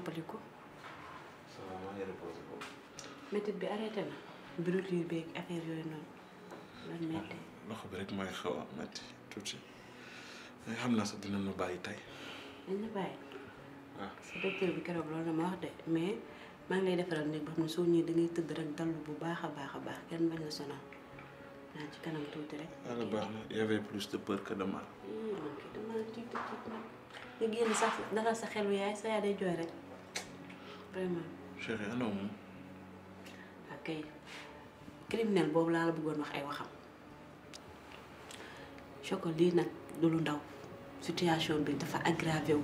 noppaliku. bi va maa ngi bi arrêté na. yooyu noonu. lan métti loxo bi rek mooy xaw a métti tuuti xam naa sax dinañ ma bàyyi tey. dinañ la ah. bi keroog loolu la ma wax de mais maa ngi lay defaral néeg boo xam ne soo ñëwee da ngay tëdd rek dallu bu baax a baax a baax kenn bañ la sonal naa ci kanam tuuti rek. yàlla ah, baax na y avait plus hmm, nga génn sax dalal sa xelu yaay sa yaay day jooy rek. vraiment. chéri ana boobu laa la bëggoon wax ay waxam Choco lii nag du lu ndaw situation bi dafa aggravé wu.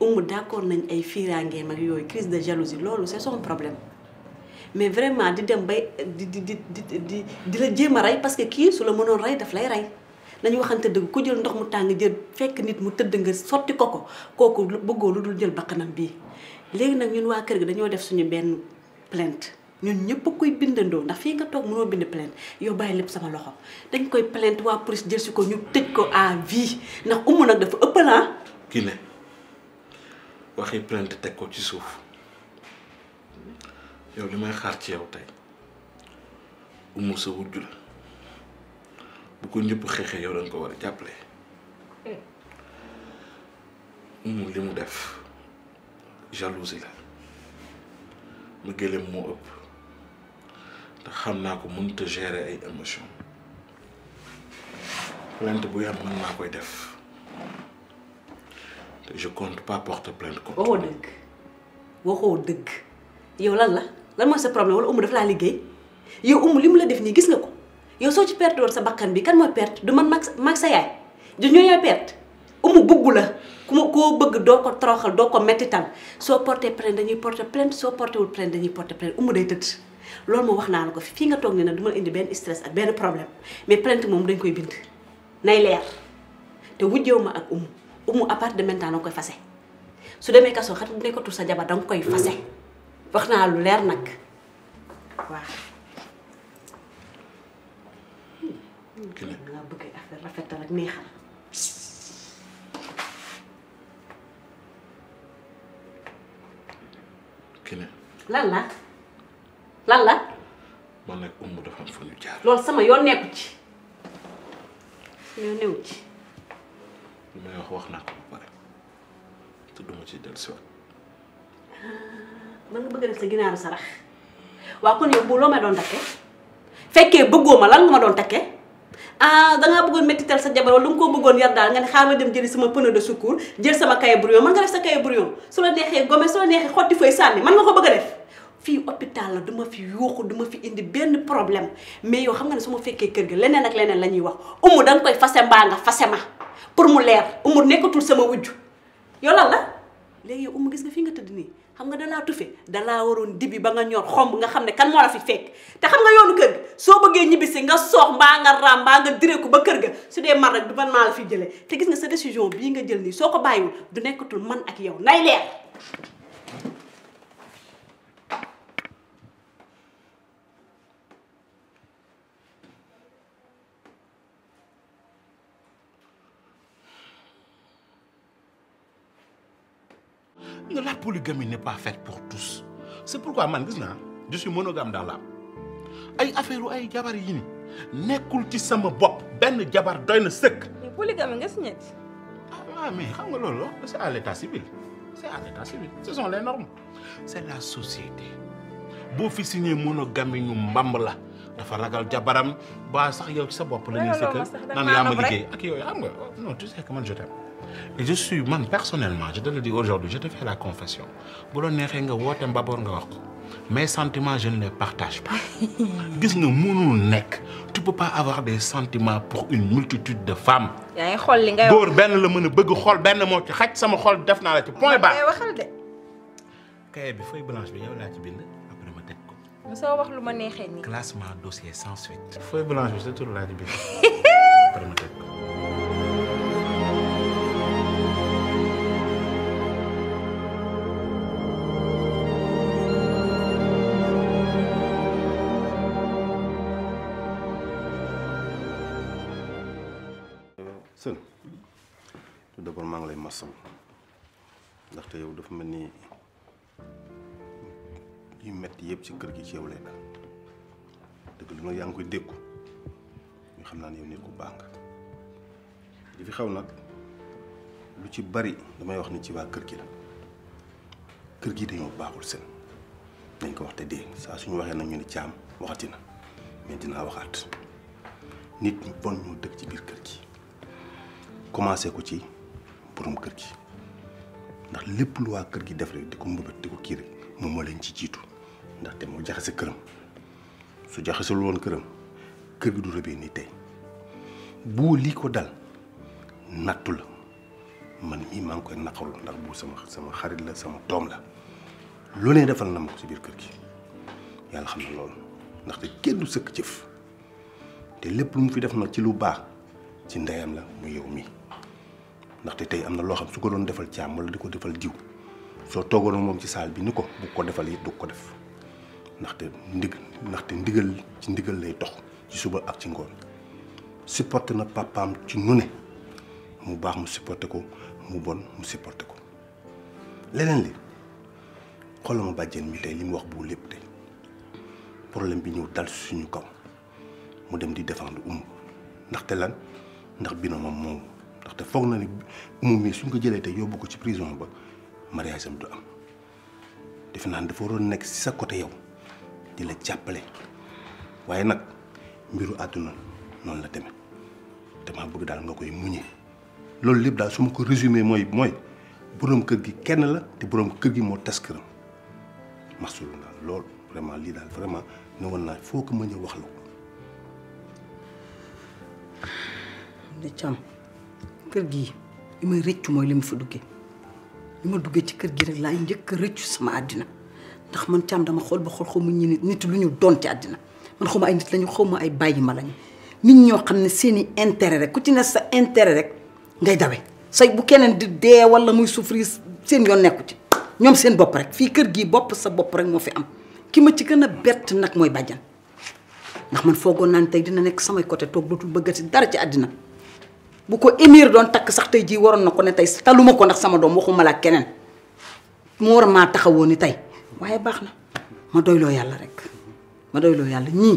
umu d'accord nañ ay fiiraangeem mag yooyu crise de jalousie loolu c'est son problème mais vraiment di dem bay di di di di di la jéem a rey parce que kii su la mënoon rey daf lay rey. nañu waxante dëgg ku jël ndox mu tàng jël fekk nit mu tëdd nga sotti ko ko kooku bëggoo lu dul jël bakkanam bii. léegi nag ñun waa kër gi dañoo def suñu benn plainte ñun ñëpp koy bindandoo ndax fii nga toog mënoo bind plainte yow bàyyi lépp sama loxo dañ koy plainte waa police jël si ko ñu tëj ko à vie ndax umu nag dafa ëpp naa. Ah. kii ne waxi plainte teg ko ci suuf yow li may xaar ci yow tey umu sa wujju la bu ko ñëpp xeexee yow dañ ko war a jàppale eh. umu li mu def. jalousie la mu gëléem moo ëpp te xam naa ko mënut a gérer ay émotion plainte bu yam mën naa koy def te je compte pas porter plainte contre waxoo dëgg waxoo dëgg yow lan la lan mooy sa problème wala umu daf laa liggéey yow umu li mu la def nii gis nga ko yow soo ci perte sa bakkan bi kan mooy perte du man mag mag sa yaay du ñoo perte umu bugg la ku ma koo bëgg doo ko toroxal doo ko mettital soo porté plainte dañuy porté plainte soo porté wul plainte dañuy porté plainte umu day tëdd loolu moo wax naa la ko fii nga toog ne nag du ma indi benn ak benn problème mais plainte moom dañ koy bind nay leer te wujjeew ma ak umu fase su demee kaso xat bu nekkatul sa jabar danga koy fase wax naa lu leer nag waaw Kine. lan lan la. man nag Oumou dafa am fa ñu jaar. loolu sama yoon nekku ci yoon newu ci. li may wax wax naa ko pare te duma ci dellusiwaat. man nga bëgg a def sa ginaaru sarax waaw kon yow bu loo ma doon takke fekkee bëggoo ma lan nga ma doon takkee ah dangaa bëggoon méttital sa jabar wala lu nga koo bëggoon yar daal nga ne xaaral ma dem jëli sama pneu de secours jël sama cahier brouillon mën nga def sa cahier brouillon su la neexee gome su la neexee xotti fay sànni man nga ko bëgg a def fii hôpital la du ma fi yuuxu du ma fi indi benn problème mais yow xam nga ne su ma fekkee kër gi leneen ak leneen la ñuy wax umu da nga koy fase mbaa nga fase ma pour mu leer umu nekkatul sama wujju yow lan la léegi yow umu gis nga fii nga tëdd nii xam nga dalaa tufe dalaa waroon dibi ba nga ñor xomb nga xam ne kan moo la fi fekk te xam nga yoonu kër gi soo bëggee ñibbisi nga soox mbaa nga raam mbaa nga direeku ba kër ga su dee man rek du man maa la fi jëlee te gis nga sa décision bii nga jël nii soo ko bàyyiwul du nekkatul man ak yow nay leer polygamie n'est pas faite pour tous c'est pourquoi man gis naa je suis monogame ay affaire ay jabar yi ni nekkul ci sama bopp benn jabar doy na sëkk. mais polygamie nga si ñett. Ah, ah mais xam nga loolu c'est à l'état civil c'est à l'état la société boo fi signé monogamie ñu mbamb la dafa ragal jabaram ba sax yow ci sa bopp la ñuy sëkk naan yaa ma liggéey ak yooyu xam nga non tu sais que et je suis man personnellement je te le la confession bu la neexee nga woote mbaboor nga wax ko mes sentiments je ne les partage gis nga mënul nekk tu peux pas avoir des sentiments pour une multitude de femmes. yaa ngi li ngay wax góor benn la mën a bëgg xool benn moo ci xaj sama xol def naa la ci point barre. waxal de. kayit bi feuille blanche bi yow ma teg ko. mosoo wax lu ma neexee nii. classement bi sa tur laa ci ko. yëpp ci kër gi ci yow lay dal dëgg lu ma yaa ngi koy déggu ñu xam naa ne yow nit ku baax nga li fi xew nag lu ci bari damay wax ni ci waa kër gi la kër gi dañoo baaxul seen dañ ko wax te dee saa suñu waxee nag ñu ne caam waxati na mais dinaa waxaat nit ñu bon ñoo dëkk ci biir kër gi commencé ko ci borom kër gi ndax lépp lu waa kër gi def rek di ko mbëbët di ko kii rek moom moo leen ci jiitu ndaxte moo jaxase këram su jaxasul woon këram kër gi du rëbee nii tey boo lii ko dal nattu la man mii maa ngi koy naqarul ndax bu sama sama xarit la sama toom la lu defal na ma ko biir kër gi yàlla xam na loolu ndaxte kenn du sëkk jëf te lépp lu mu fi def nag ci lu baax ci ndeyam la mu yow mi ndaxte tey am na loo xam su ko doon defal caam wala di ko defal jiw soo toogoon moom ci saal bi ni ko bu ko defal it du ko def ndaxte ndigg ndaxte ndigal ci ndigal lay tox ci suba ak ci ngoon supporté na papaam ci nu ne mu baax mu supporté ko mu bon mu supporté ko leneen li xoolal ma bàjjen mi tey li mu wax bu lépp te problème bi ñëw dal suñu kaw mu dem di défendre umu ndaxte lan ndax bina moom moom ndaxte foog na ne umu mii suñ ko jëlee tey yóbbu ko ci prison ba mariage sam du am defe naa dafa waroon nekk si sa côté yow di la jàppale waaye nag mbiru àdduna noonu la demee damaa bëgg daal nga koy muñee loolu lépp daal su ma ko résumé mooy mooy boroom kër gi kenn la te boroom kër gi moo tas këram masulu daal lool vraiment lii daal vraiment ne woon naa foo ko ma a wax la ko kër gii li may rëccu mooy li ma fa duggee lu ma duggee ci kër gi rek laay njëkk a rëccu sama àddina ndax man Thiam dama xool bu xool xaw mu ñu nit lu ñu doon ci àddina man xaw ma ay nit lañu xaw ma ay bàyyi ma lañu. nit ñoo xam ne seeni intérêt rek ku ci ne sa intérêt rek ngay dawe say bu keneen di dee wala muy souffrir seen yoon nekku ci ñoom seen bopp rek fii kër gii bopp sa bopp rek moo fi am ki ma ci gën a bett nag mooy bàjjan ndax man foogoon naa ne tey dina nekk samay côté toog dootul bëggati dara ci àddina bu ko émir doon takk sax tey jii waroon na ko ne tey taluma ko ndax sama doom waxuma la keneen mu war maa taxawoo ni tey waaye baax na ma doyloo yàlla rek ma yàlla ñii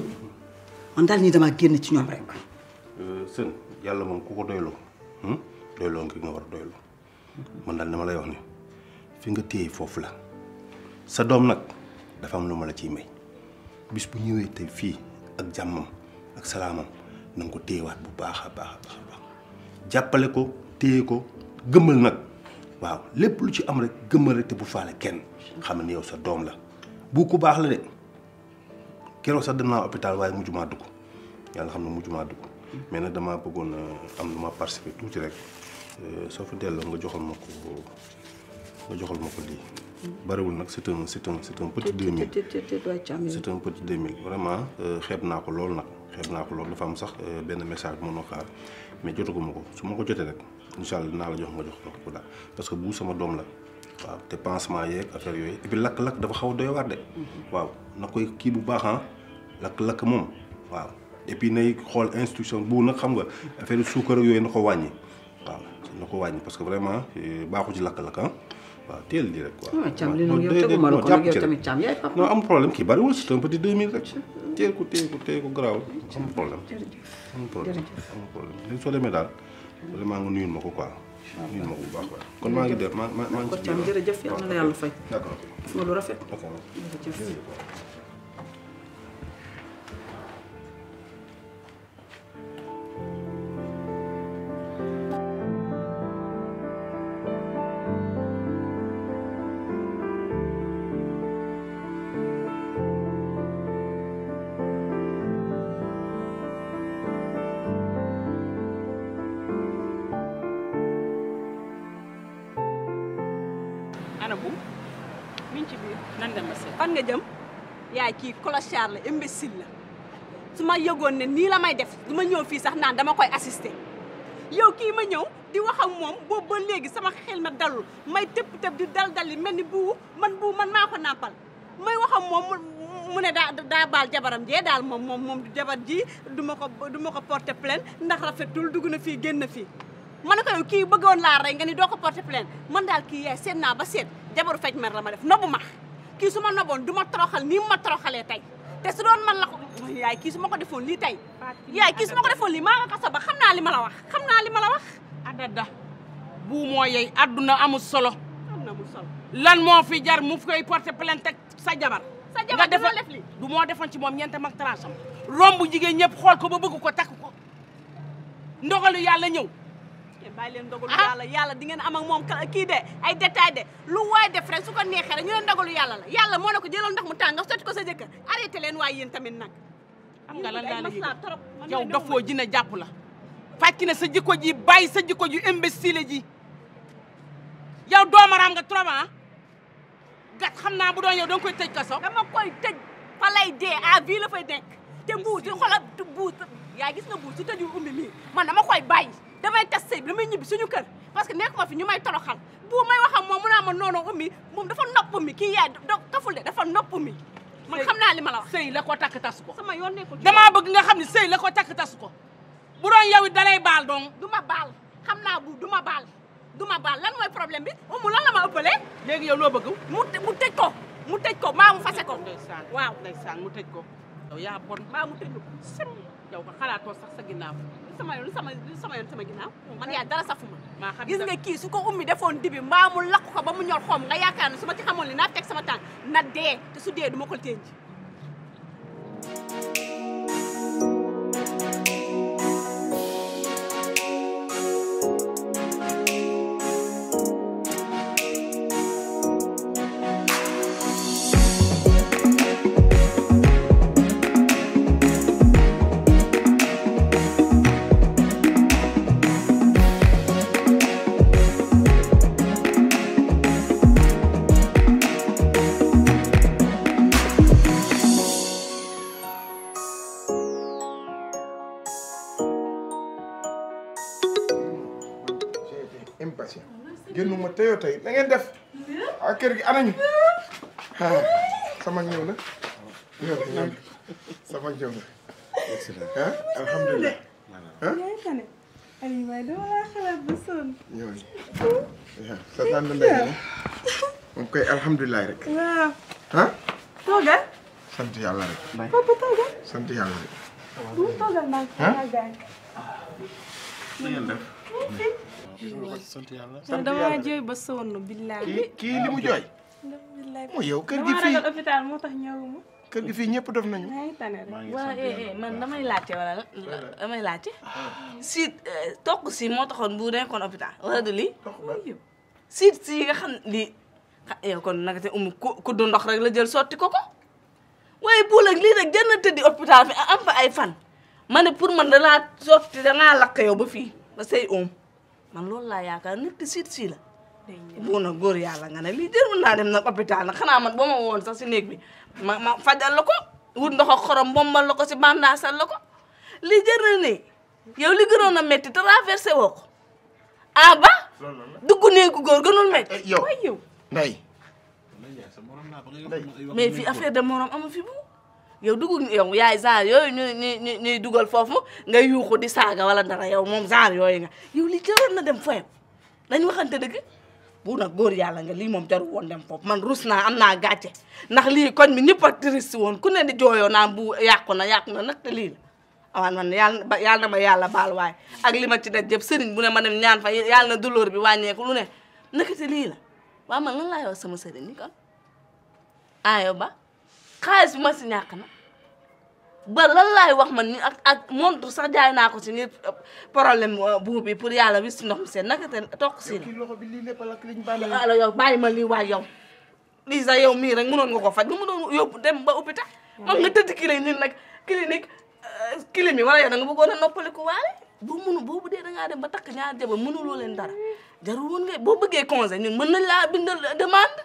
man daal ñii damaa génn ci ñoom rek. Euh, sën yàlla moom ku ko doyloo hmm? doyloo nga nga war a doyloo man daal dama lay wax ne fi nga téye foofu la sa doom nag dafa am lu ma la ciy may bis bu ñëwee tey fii ak jàmmam ak salaamam na nga ko téyewaat bu baax a baax a baax a baax jàppale ko téye ko gëmmal nag waaw lépp lu ci am rek gëmmal rek te bu faale kenn. xam ne yow sa doom la bu ku baax la de keroog sax dem naa waaye mujj maa dugg yàlla xam ne mujj maa dugg mais nag damaa bëggoon euh, am lu ma participer tuuti rek euh, soo fa delloo nga joxal ma ko nga joxal ma ko lii. bariwul nag c'est un c'est un c'est un petit vraiment euh, xeeb naa ko lool nag xeeb naa ko loolu dafa am sax benn message bu ma xaar mais jotaguma ko su ma ko jotee rek incha allah dinaa la jox nga jox ko daal parce que bu sama doom la. waaw te pansement yeeg affaire yooyu et lakk-lakk dafa xaw a doy de. waaw na koy kii bu baax ah lakk-lakk moom waaw et puis nay xool instruction bu nag xam nga affaire suukar yooyu na ko wàññi waaw na ko wàññi parce que vraiment eh, baaxu ci lakk-lakk ah waaw teel lii rek. waaw càmm ah, li noonu yow teguma la ko nag am problème kii bariwul c'est un petit 2000 rek. teel ko teel ko teel ko garaaw am problème. jërëjëf problème am soo demee daal nga nuyul ma ko quoi. nuyu ma bu baax kon maa ngi dem maa maa ngi ci jërëjëf yal na la yàlla fay. d'accord def nga lu rafet. jërëjëf. clochard la imbécile la su ma yëgoon ne nii la may def du ma ñëw fii sax naan dama koy assister yow kii ma ñëw di wax ak moom boobu léegi sama xel na dalul may tëpp tëb di dal dal mel ni bu man bu man maa ko nàmpal may wax ak moom mu ne daa daa baal jabaram jee daal moom moom moom jabar ji du ma ko du ma ko porter plainte ndax rafetul dugg na fii génn fii. ma ne ko yow kii bëggoon laa rey nga ni doo ko porter plainte man daal kii yaay seet naa ba seet jabaru faj mer la ma def nobbu ma. kii su ma noboon du ma toroxal nii ma toroxalee tey te su doon man la ko yaay kii su ma ko defoon lii tey yaay kii su ma ko defoon lii maa nga kaso ba xam naa li ma la wax xam naa li ma la wax adada bu moo yey adduna amul solo lan moo fi jar mu koy porter plainte ak sa jabar sa jabar def def li du moo defoon ci moom ñeente mag transam romb jigéen ñëpp xool ko ba bëgg ko takk ko ndogalu yàlla ñëw Eh, bàyyi leen dogalu ah. yàlla yàlla di ngeen am ak moom kii de ay détail de lu waay def rek su ko neexee rek ñu leen dogalu yàlla la yàlla moo ne ko jëlal ndox mu tàng nga sotti ko sa jëkkër arrêté leen waaye yéen tamit nag am nga lan laa la yëg yow dafoo ji ne jàpp la fàcc na sa jikko ji bàyyi sa jikko ji imbécile ji yow doomaraam nga trop ah gat xam naa bu doon yow danga koy tëj kaso dama koy tëj fa lay dee à vie la fay nekk te mbuus di xoolal mbuus yaa gis nga mbuus su tëjul umbi mii man dama koy bàyyi damay tas sëy bi damay ñibbi suñu kër parce que nekkuma fi ñu may toroxal bu may wax ak moom mu naa ma noonu ummi moom dafa nopp mi kii yaay do kaful de dafa nopp mi man xam naa li ma la ko takk ko sama yoon nekkul bëgg nga xam ne sëy la ko takk tas ko bu doon yow i dalay baal donc du baal xam naa bu du ma baal du ma baal lan mooy problème bi umu lan la ma ëppalee léegi yow loo bëgg mu mu mu tëj ko maa mu fase ko ndeysaan waaw ndeysaan mu tëj ko yow yaa bon maa sa ginnaaw sama yoon sama sama yoon sama ginnaaw man yaa dara safuma gis nga kii su ko ummi defoon dibi mbaa mu lakk ba mu ñor xoom nga yaakaar ne su ma ci xamoon li naa teg sama tànk na dee te su dee du ma ko téenji te yow tey na ngeen def ah kër gi anañu ah sama ñëw na sama ñëw na ah alhamdulilah ah. Aliou waaye dama laa xalaat ba sonn. ñooñu waaw sa tànn mbay mi moom koy alhamdulilah rek. waaw. ah. toogal. sant yàlla rek. papa toogal. sant yàlla rek. bu toogal maa ngi koy sant yàlla sant yàlla damaa jooy ba kii li mu jooy. moo tax ñëwuma. kër gi fii ñëpp def nañu. maa ngi eh, eh, man damay laajte wala damay laajte. Ah. si eh, tokk si moo taxoon bu nekkoon hôpital wala du lii. si si yi nga xam lii yow kon nag te umu kuddu ndox rek la jël sotti ko ko waaye buul ak lii nag jënd tëddi hôpital fi am fa ay fan ma ne pour man da laa sotti da laa lakk yow ba fii ba say um. man loolu laa yaakaar nit ki siit sii la. bu na góor yàlla nga na lii jërmën naa dem nag hôpital nag xanaa man boo ma woon sax si néeg bi ma ma fajal la ko wut ndox ak xorom bombal la ko si bandaasal la ko lii jër ne nii yow li gënoon a métti traversé woo ko ah ba dugg néegu góor gënul métti eh, yow nday mais fii affaire de morom amu fi bu yow dugg yow yaay genre yooyu ñu ñu dugal foofu nga yuuxu di saaga wala dara yow moom genre yooyu nga yow lii jaroon na dem fooyam dañ waxante dëgg bu nag góor yàlla nga lii moom jaru woon dem foofu man rus naa am naa gàcce ndax lii koñ mi ñëpp a triste woon ku ne di jooyoo naa bu yàqu na yàqu na nag te lii la awaan man yàlla yàlla na ma yàlla baal waaye ak li ma ci daj yëpp sëriñ bu ne ma dem ñaan fa yàlla na douleur bi wàññeeku lu ne naka te lii la waaw man yow sama sëriñ ni kon ayo ba xaalis bi ma si ñàkk na ba lan laay wax man ni ak ak montre sax jaay naa ko si ni problème euh, buub bi pour yàlla wis ndox mi seen naka te toog si ne. loxo bi lii lépp la liñ bàyyi la yow bàyyi ma lii waay yow. lii sax yow mii rek mënoon nga ko faj nga mënoon yóbbu dem ba hôpital. man nga tëdd kii la ñun nag clinique euh, clinique wala yow da nga bëggoon a noppali ko waale. boo mënu boo bu dee da dem ba takk ñaar jabar mënuloo leen dara jarul woon nga boo bëggee congé ñun mën nañ laa bindal demande.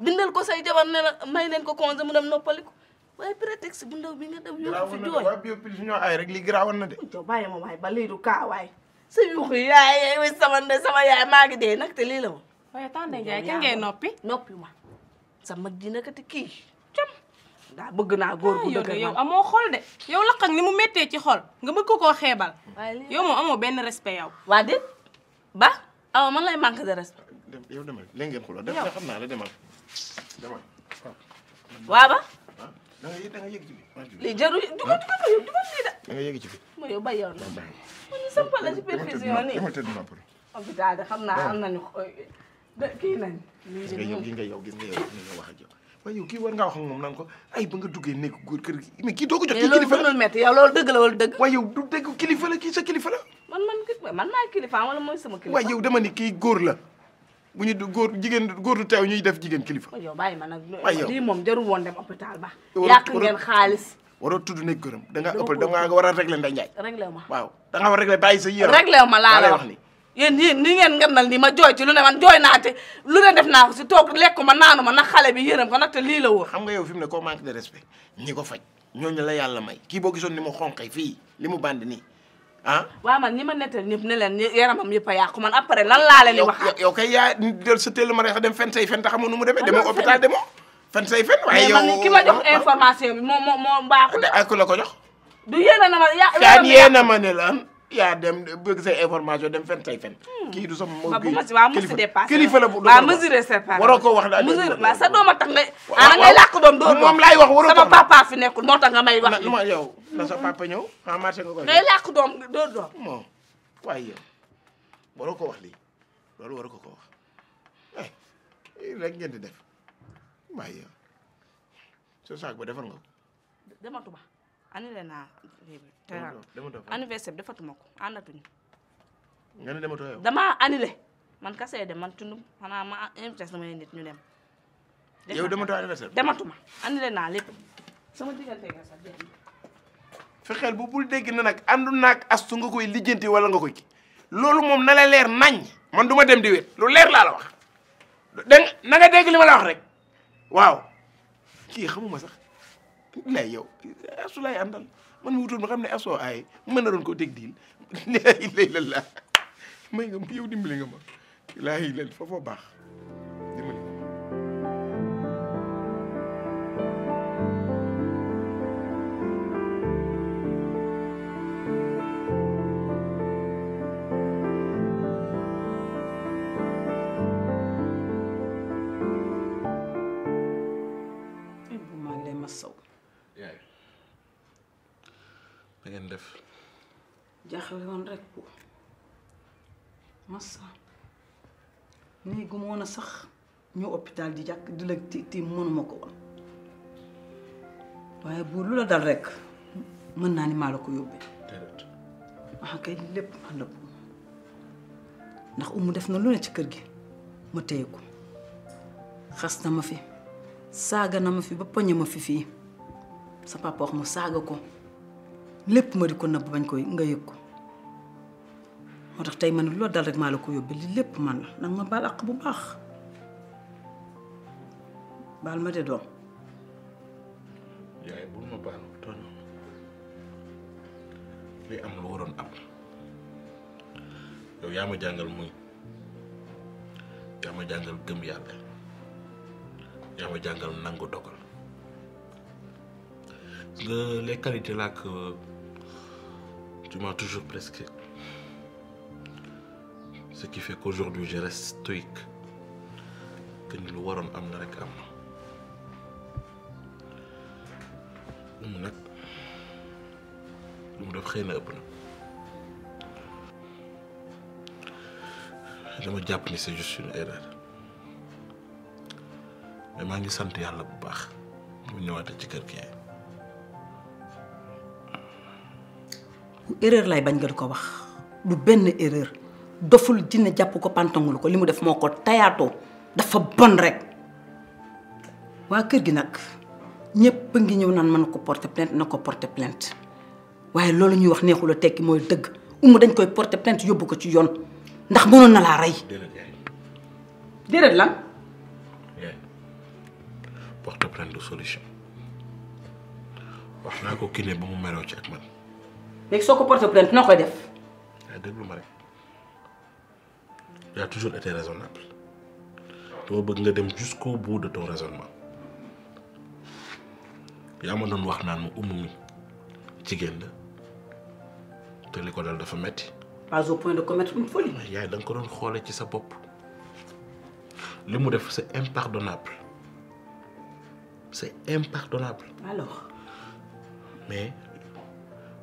bindal ko say jabar ne la may leen ko congé mu dem noppaliku waaye prétexte bu ndaw bi nga dem. yoo fi jooy waaw biopil ñoo ay rek lii giraawoon na de. joo bàyyi ba lii du kaa sa sama nde maa ngi dee nag te lii la woon. waaye tànn Ndiaye noppi. noppi ma sa mag ji naka te kii. daa bëgg naa góor gu dëgg ah, yow amoo xol de yow la ak ni mu méttee ci xol nga bëgg ko koo xeebal. yow moom amoo benn respect yow. waa déet ba awa man lay manque de respect. yow demal léegi ngeen xuloo def nga xam naa la demal waaba. da nga da nga yëg ci biir. lii jarul dugal dugal ma yow dugal lii da. da nga yëg ci biir. ma yow bàyyi yoon la. ma ñu sampal la ci perfusion nii. dama tëdd noppal. hôpital de xam naa am nañu kii nañ. gis nga yow gis nga yow gis nga yow gis nga wax ak yow. waaye yow kii war ngaa wax ak moom naan ko ay ba nga duggee nekk góor kër gi mais kii doo ko jot. kii kilifa la loolu métti yow loolu dëgg la wala dëgg. waaye yow du dëgg kilifa la kii sa kilifa la. man man man maa kilifa wala mooy sama kilifa. waaye yow dama ni kii góor la bu ñu góor jigéen góor du teew ñuy def jigéen kilifa. waaw yow bàyyi ma nag lii moom jarul woon dem hôpital ba. yàq ngeen xaalis. waroo tudd nekk gërëm da ngaa ëppal da ngaa war a régler Ndeye Ndiaye. régler ma waaw da ngaa war a régler bàyyi sa yéen. régler ma laa la wax ni yéen yéen ni ngeen ngandal ni ma jooy ci lu ne man jooy naa te lu ne def naa ko si toog lekku ma naanu ma nag xale bi yërëm ko nag te lii la wóor. xam nga yow fi mu ne koo manque de respect ñi ko faj ñooñu la yàlla may kii boo gisoon ni mu xonqee fii li mu bandi nii ah waaw man ñi ma nettal ñëpp ne leen yaramam yëpp a yàqu man après lan laa leen di wax yow kay yaa jël sa téel ma rek dem fen say fen te xamoo nu mu demee ah, demoo hôpital demoo fen say fen waaye yow man ki ma jox ah, ah. information bi moo moo moo mbaaxul ak la ko jox du yéena na ma yàq yéena ma ne la yaa dem bëgg say information dem fen say fen. Hmm. kii du sama mbokk yi kilifa kilifa la bu doon wax waaw waroo ko wax daal. mesure waaw sa doom a tax ngay. waaw ah, ngay làkk doom doo moom laay wax waroo sama papa fi nekkul moo tax nga may wax. ma yow na sa papa ñëw en ah, marché nga koy. ngay làkk doom doo doom. moom waaye yow waroo ko wax lii loolu waroo ko ko wax eh rek ngeen di def waaye yow sa saak ba defar nga ko. dematuma annulé naa anniversaire bi defatuma ko àndatuñu. nga ne dematoo yow. damaa annulé man kase dem man tundum xanaa ma invité nit ñu dem. yow dematoo anniversaire dematuma annulé naa lépp sama diggante nga sax dégg fexeel bu bul dégg na nag àndu naag astu nga koy lijjanti wala nga koy ki loolu moom na la leer nañ man du ma dem di wéet lu leer laa la wax dégg na nga dégg li ma la wax rek waaw kii xamuma sax lay yow astu lay àndal man mi wutoon ma xam ne asoo aay mën na doon ko teg diil laa ilaaha illallaah may nga yow dimbali nga ma laa ilaaha illallaah foofu baax def jaaxle woon rek massa nii gu ma a sax ñu hôpital di jàkk di la tiim mënuma ko woon waaye buur lu la dal rekk mën naa ni maa ko yóbbee ah kay lépp man la ndax umu def na lu ne ci kër gi ma téye ko xas na ma fi saaga na ma fi ba poñe ma fi fii sa papa wax mu saaga ko lépp ma di ko nëbb bañ koy nga yëg ko moo tax tey ma ne loolu dal rek maa la ko yóbbee li lépp man la nag ma baal bu baax baal ma de doom yaay bul ma baal ma tooñ li am lu waroon am yow yaa ma jàngal muñ yaa ma jàngal gëm yàlla yaa ma jàngal nangu dogal nga les qualités Tu m'as toujours prescrit. Ce qui fait qu'aujourd'hui, je reste stoïque. Que nous le voyons am na rek am na. mu nag lu def xëy na ëpp na. dama jàpp ni c'est juste une mais maa ngi sant yàlla bu baax mu ñëwaate ci kër gi erreur lay bañ nga di ko wax du benn erreur doful dina jàpp ko pantongul ko li mu def moo ko tayaatoo dafa bon rek waa kër gi nag ñépp ngi ñëw naan mën ko porte plainte na ko porter plant waaye loolu ñuy wax neexul a tekki mooy dëgg umu dañ koy porter plainte yóbbu ko ci yoon ndax mënoon na laa rey déedéet lan porter léegi soo ko porté plainte noo koy def. waaw eh, déglu ma rek y a toujours été raisonnable dama bëgg nga dem jusqu'au bout de ton raisonnement wax naan ma la te ko dal dafa metti pas au point yaay da ko doon xoole ci sa bopp li mu def c'est impardonnable c'est impardonnable. alors mais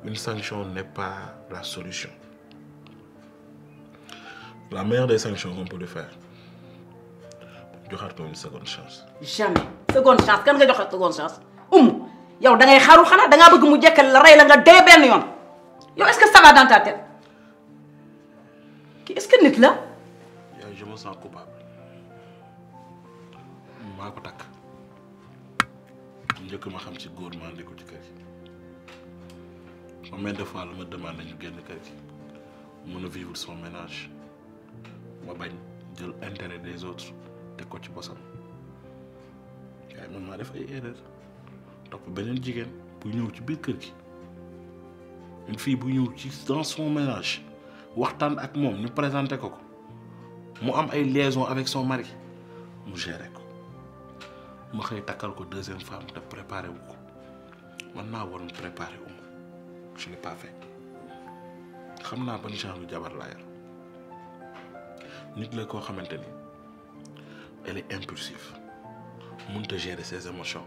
une sanction n'est pas la solution. La meilleure des sanctions qu'on peut le faire, joxaatoo une seconde chance. jamais seconde chance kan nga joxe seconde chance um yow da ngay xaru xanaa da ngaa bëgg mu jekkal la rey la nga dee benn yoon yow est-ce que ça va dans ta est-ce que la. ko takk njëkk ma xam ci góor maa ci combien de fois la ma demande ñu génn kër gi mën a vivre son ménage ma bañ jël intérêt des autres teg ko ci bosam waaye man maa def ay erreur topp beneen jigéen bu ñëw ci biir kër gi une fille bu ñëw ci dans son ménage waxtaan ak moom ñu présenté ko ko mu am ay liaison avec son mari mu géré ko ma xëy takkal ko deuxième femme te préparé wu ko man naa waroon préparé wu je l'ai xam naa ban genre jabar laa yar nit la koo xamante ni elle est impulsive mënut a gérer ses émotions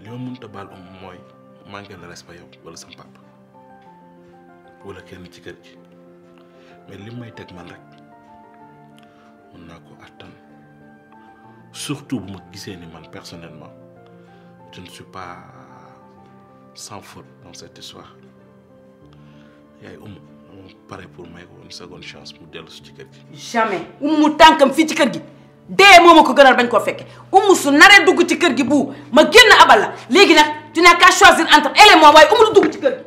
li ma mënut a baal um mooy manqué la respect yow wala sam papa kenn ci kër gi mais li may teg man rek mën naa ko attan surtout bu ma gisee ni man personnellement je suis pas. sans faute dans cette histoire yaay umu moom pare pour may ko une seconde mu dellu si ci tànkam fii ci kër gi dee moo ma ko gënal bañ koo fekke umu su naree dugg ci kër gi bu ma génn abal la léegi nag dinaa kaa choisir entre elle et moi waaye umu du dugg ci kër gi.